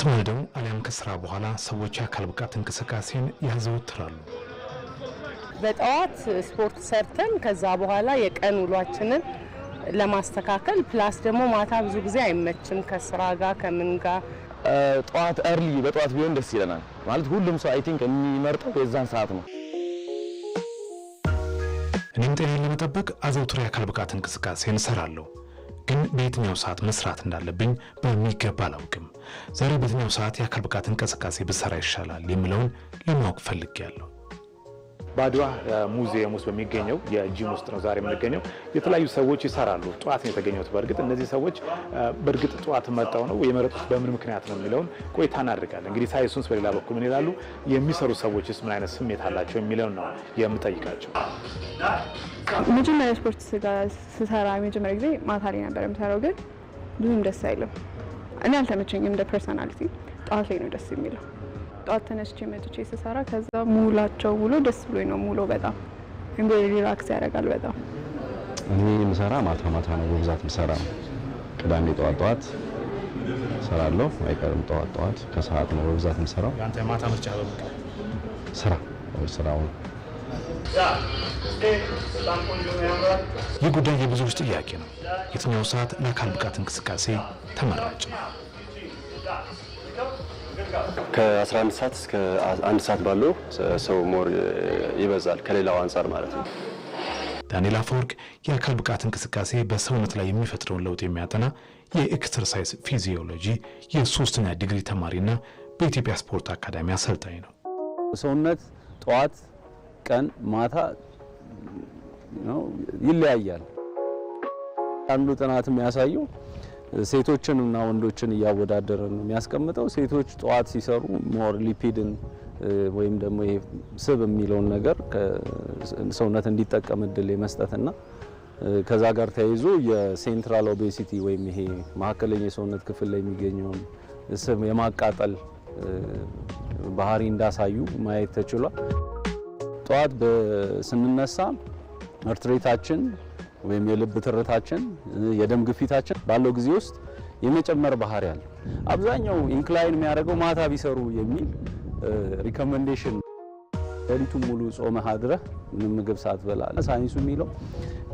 ጠዋት ማልደው አሊያም ከስራ በኋላ ሰዎች የአካል ብቃት እንቅስቃሴን ያዘወትራሉ። በጠዋት ስፖርት ሰርተን ከዛ በኋላ የቀን ውሏችንን ለማስተካከል ፕላስ ደግሞ ማታ ብዙ ጊዜ አይመችም ከስራ ጋር ከምን ጋር ጠዋት እርሊ በጠዋት ቢሆን ደስ ይለናል። ማለት ሁሉም ሰው አይ ቲንክ የሚመርጠው የዛን ሰዓት ነው። እኔም ጤናን ለመጠበቅ አዘውትሮ የአካል ብቃት እንቅስቃሴ እንሰራለሁ። ግን በየትኛው ሰዓት መስራት እንዳለብኝ በሚገባ አላውቅም። ዛሬ በየትኛው ሰዓት የአካል ብቃት እንቅስቃሴ ብሰራ ይሻላል የሚለውን ለማወቅ ፈልጌያለሁ። በአድዋ ሙዚየም ውስጥ በሚገኘው የጂም ውስጥ ነው ዛሬ የምንገኘው። የተለያዩ ሰዎች ይሰራሉ። ጠዋት ነው የተገኘሁት። በእርግጥ እነዚህ ሰዎች በእርግጥ ጠዋት መጣው ነው የመረጡት በምን ምክንያት ነው የሚለውን ቆይታ እናደርጋለን። እንግዲህ ሳይሱንስ በሌላ በኩል ምን ይላሉ፣ የሚሰሩ ሰዎችስ ምን አይነት ስሜት አላቸው የሚለውን ነው የምጠይቃቸው። መጀመሪያ ስፖርት ስሰራ የመጀመሪያ ጊዜ ማታ ላይ ነበር የምሰራው፣ ግን ብዙም ደስ አይልም። እኔ አልተመቸኝም። እንደ ፐርሶናሊቲ ጠዋት ላይ ነው ደስ የሚለው ጠዋት ተነስቼ መጥቼ ስሰራ ከዛ ሙላቸው ውሎ ደስ ብሎኝ ነው ሙሎ በጣም እንደ ሪላክስ ያደርጋል በጣም። እኔ የምሰራ ማታ ማታ ነው በብዛት የምሰራ ቅዳሜ ጠዋት ጠዋት እሰራለሁ አይቀርም። ጠዋት ጠዋት ከሰዓት ነው በብዛት የምሰራው። ማታ ምርጫ ስራ ስራውን ይህ ጉዳይ የብዙዎች ጥያቄ ነው። የትኛው ሰዓት ለአካል ብቃት እንቅስቃሴ ተመራጭ ነው? ከ11 ሰዓት እስከ 1 ሰዓት ባለው ሰው ሞር ይበዛል ከሌላው አንጻር ማለት ነው። ዳንኤል አፈወርቅ የአካል ብቃት እንቅስቃሴ በሰውነት ላይ የሚፈጥረውን ለውጥ የሚያጠና የኤክሰርሳይዝ ፊዚዮሎጂ የሶስተኛ ዲግሪ ተማሪና በኢትዮጵያ ስፖርት አካዳሚ አሰልጣኝ ነው። ሰውነት ጠዋት፣ ቀን፣ ማታ ይለያያል። አንዱ ጥናት የሚያሳየው ሴቶችን እና ወንዶችን እያወዳደረ ነው የሚያስቀምጠው። ሴቶች ጠዋት ሲሰሩ ሞር ሊፒድን ወይም ደግሞ ይሄ ስብ የሚለውን ነገር ሰውነት እንዲጠቀም እድል የመስጠትና ከዛ ጋር ተያይዞ የሴንትራል ኦቤሲቲ ወይም ይሄ መካከለኛ የሰውነት ክፍል ላይ የሚገኘውን ስብ የማቃጠል ባህሪ እንዳሳዩ ማየት ተችሏል። ጠዋት ስንነሳ እርትሬታችን ወይም የልብ ትርታችን የደም ግፊታችን ባለው ጊዜ ውስጥ የመጨመር ባህሪ አለ። አብዛኛው ኢንክላይን የሚያደርገው ማታ ቢሰሩ የሚል ሪኮመንዴሽን ሌሊቱን ሙሉ ጾመህ አድረህ ምንም ምግብ ሳትበላ ሳይንሱ የሚለው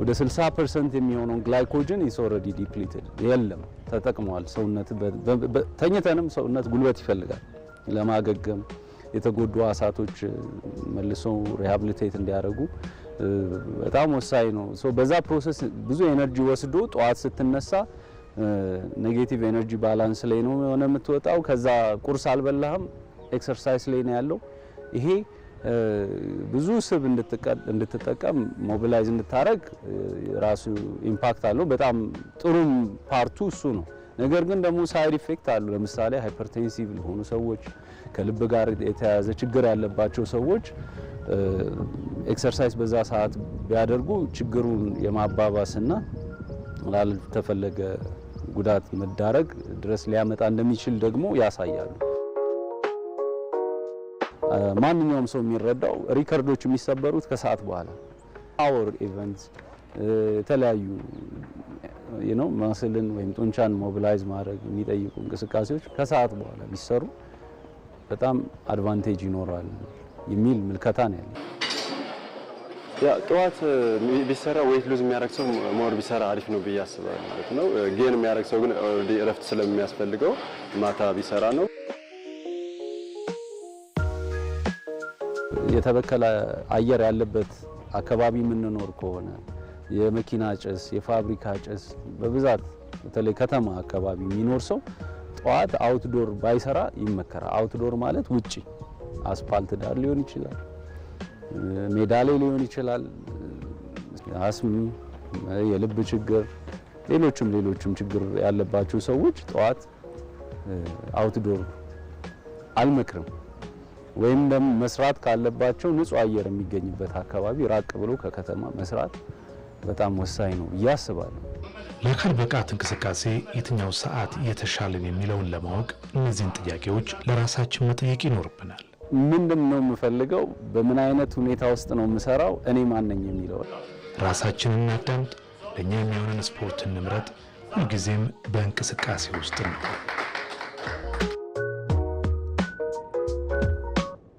ወደ 60 ፐርሰንት የሚሆነውን ግላይኮጅን ኢስ ኦልሬዲ ዲፕሊትድ የለም ተጠቅመዋል። ሰውነት ተኝተንም ሰውነት ጉልበት ይፈልጋል ለማገገም የተጎዱ አሳቶች መልሰው ሪሃብሊቴት እንዲያደርጉ በጣም ወሳኝ ነው። በዛ ፕሮሰስ ብዙ ኤነርጂ ወስዶ ጠዋት ስትነሳ ኔጌቲቭ ኤነርጂ ባላንስ ላይ ነው የሆነ የምትወጣው። ከዛ ቁርስ አልበላህም፣ ኤክሰርሳይዝ ላይ ነው ያለው። ይሄ ብዙ ስብ እንድትጠቀም ሞቢላይዝ እንድታረግ ራሱ ኢምፓክት አለው። በጣም ጥሩም ፓርቱ እሱ ነው። ነገር ግን ደግሞ ሳይድ ኢፌክት አሉ። ለምሳሌ ሃይፐርቴንሲቭ ለሆኑ ሰዎች፣ ከልብ ጋር የተያያዘ ችግር ያለባቸው ሰዎች ኤክሰርሳይዝ በዛ ሰዓት ቢያደርጉ ችግሩን የማባባስና ላልተፈለገ ጉዳት መዳረግ ድረስ ሊያመጣ እንደሚችል ደግሞ ያሳያሉ። ማንኛውም ሰው የሚረዳው ሪከርዶች የሚሰበሩት ከሰዓት በኋላ ፓወር ኢቨንት የተለያዩ ነው መስልን ወይም ጡንቻን ሞቢላይዝ ማድረግ የሚጠይቁ እንቅስቃሴዎች ከሰዓት በኋላ ቢሰሩ በጣም አድቫንቴጅ ይኖራል። የሚል ምልከታ ነው ያ ጠዋት ቢሰራ ወይት ሉዝ የሚያደርግ ሰው ሞር ቢሰራ አሪፍ ነው ብዬ አስባለሁ ማለት ነው። ጌን የሚያደርግ ሰው ግን ኦልሬዲ እረፍት ስለሚያስፈልገው ማታ ቢሰራ ነው። የተበከለ አየር ያለበት አካባቢ የምንኖር ከሆነ የመኪና ጭስ፣ የፋብሪካ ጭስ በብዛት በተለይ ከተማ አካባቢ የሚኖር ሰው ጠዋት አውትዶር ባይሰራ ይመከራል። አውትዶር ማለት ውጪ አስፓልት ዳር ሊሆን ይችላል፣ ሜዳ ላይ ሊሆን ይችላል። አስም፣ የልብ ችግር፣ ሌሎችም ሌሎችም ችግር ያለባቸው ሰዎች ጠዋት አውትዶር አልመክርም። ወይም ደግሞ መስራት ካለባቸው ንጹህ አየር የሚገኝበት አካባቢ ራቅ ብሎ ከከተማ መስራት በጣም ወሳኝ ነው ብዬ አስባለሁ። ለአካል ብቃት እንቅስቃሴ የትኛው ሰዓት የተሻለን የሚለውን ለማወቅ እነዚህን ጥያቄዎች ለራሳችን መጠየቅ ይኖርብናል። ምንድን ነው የምፈልገው፣ በምን አይነት ሁኔታ ውስጥ ነው የምሰራው፣ እኔ ማነኝ የሚለው ራሳችን እናዳምጥ፣ ለእኛ የሚሆንን ስፖርት እንምረጥ፣ ሁልጊዜም በእንቅስቃሴ ውስጥ ነው።